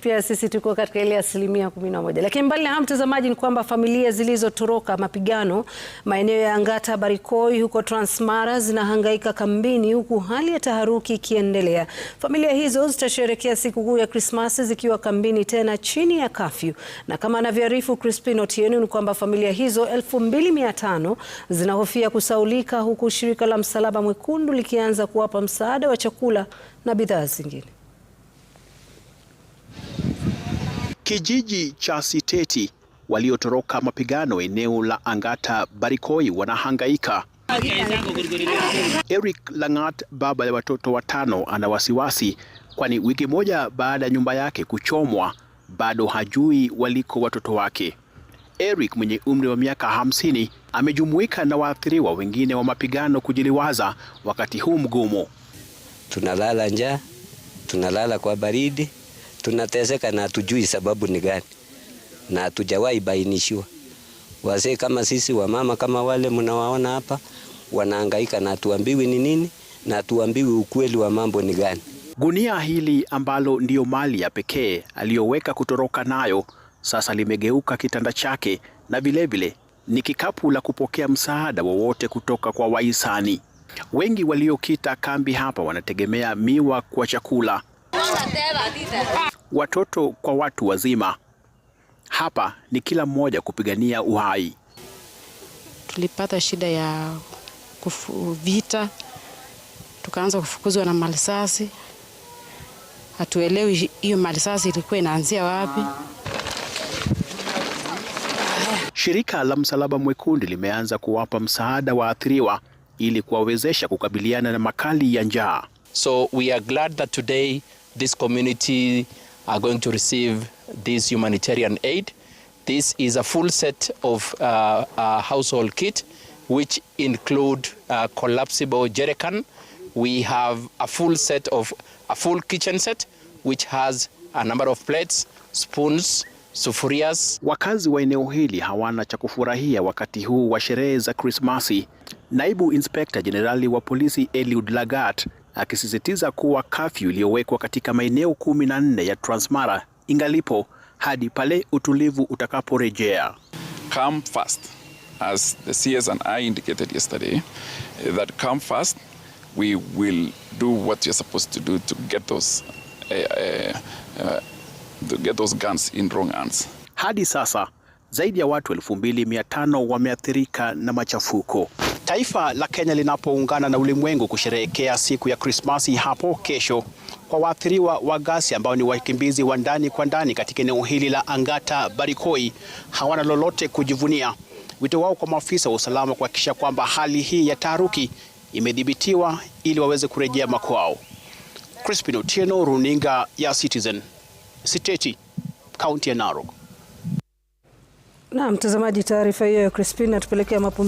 pia sisi tuko katika ile asilimia kumi na moja, lakini mbali na mtazamaji, ni kwamba familia zilizotoroka mapigano maeneo ya Angata Barikoi huko Transmara zinahangaika kambini, huku hali ya taharuki ikiendelea. Familia hizo zitasherekea sikukuu ya Krismasi zikiwa kambini tena chini ya kafyu, na kama anavyoarifu Crispin Otieno ni kwamba familia hizo 2500 zinahofia kusaulika, huku shirika la Msalaba Mwekundu likianza kuwapa msaada wa chakula na bidhaa zingine. Kijiji cha Siteti, waliotoroka mapigano eneo la Angata Barikoi wanahangaika. Eric Langat, baba ya watoto watano, ana wasiwasi kwani wiki moja baada ya nyumba yake kuchomwa bado hajui waliko watoto wake. Eric mwenye umri wa miaka hamsini amejumuika na waathiriwa wengine wa mapigano kujiliwaza wakati huu mgumu. Tunalala njaa, tunalala kwa baridi, tunateseka na hatujui sababu ni gani, na hatujawahi bainishwa. Wazee kama sisi, wamama kama wale mnawaona hapa, wanahangaika na hatuambiwi ni nini, na hatuambiwi ukweli wa mambo ni gani. Gunia hili ambalo ndiyo mali ya pekee aliyoweka kutoroka nayo sasa limegeuka kitanda chake na vilevile ni kikapu la kupokea msaada wowote kutoka kwa wahisani. Wengi waliokita kambi hapa wanategemea miwa kwa chakula watoto kwa watu wazima. Hapa ni kila mmoja kupigania uhai. Tulipata shida ya kufu, vita tukaanza kufukuzwa na malisasi. Hatuelewi hiyo malisasi ilikuwa inaanzia wapi. Shirika la Msalaba Mwekundu limeanza kuwapa msaada waathiriwa ili kuwawezesha kukabiliana na makali ya njaa. So we are glad that today this community are going to receive this humanitarian aid. This is a full set of uh, uh, household kit which include a uh, collapsible jerrycan. We have a full set of a full kitchen set which has a number of plates, spoons, sufurias. Wakazi wa eneo hili hawana cha kufurahia wakati huu wa sherehe za Krismasi. Naibu Inspekta Jenerali wa Polisi Eliud Lagat akisisitiza kuwa kafyu iliyowekwa katika maeneo kumi na nne ya Transmara ingalipo hadi pale utulivu utakaporejea. Come fast as the CS and I indicated yesterday that come fast we will do what you're supposed to do to get those uh, uh, to get those guns in wrong hands. Hadi sasa zaidi ya watu 2500 wameathirika na machafuko. Taifa la Kenya linapoungana na ulimwengu kusherehekea siku ya Krismasi hapo kesho, kwa waathiriwa wa gasi ambao ni wakimbizi wa ndani kwa ndani katika eneo hili la Angata Barikoi hawana lolote kujivunia. Wito wao kwa maafisa wa usalama kuhakikisha kwamba hali hii ya taharuki imedhibitiwa ili waweze kurejea makwao. Crispin Otieno, runinga ya Citizen, Siteti, kaunti ya Narok. Na mtazamaji, taarifa hiyo ya Crispin atupelekea mapumziko.